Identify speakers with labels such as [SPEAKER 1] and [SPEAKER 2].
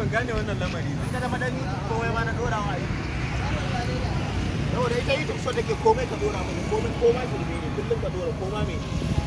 [SPEAKER 1] ban gane wannan lamari ba.
[SPEAKER 2] Ita da madani kowai ba na dorawa yi.
[SPEAKER 3] Yau da ita yi tukso da ke komai ka dora mana komai komai ne
[SPEAKER 4] kullum ka dora komai mai.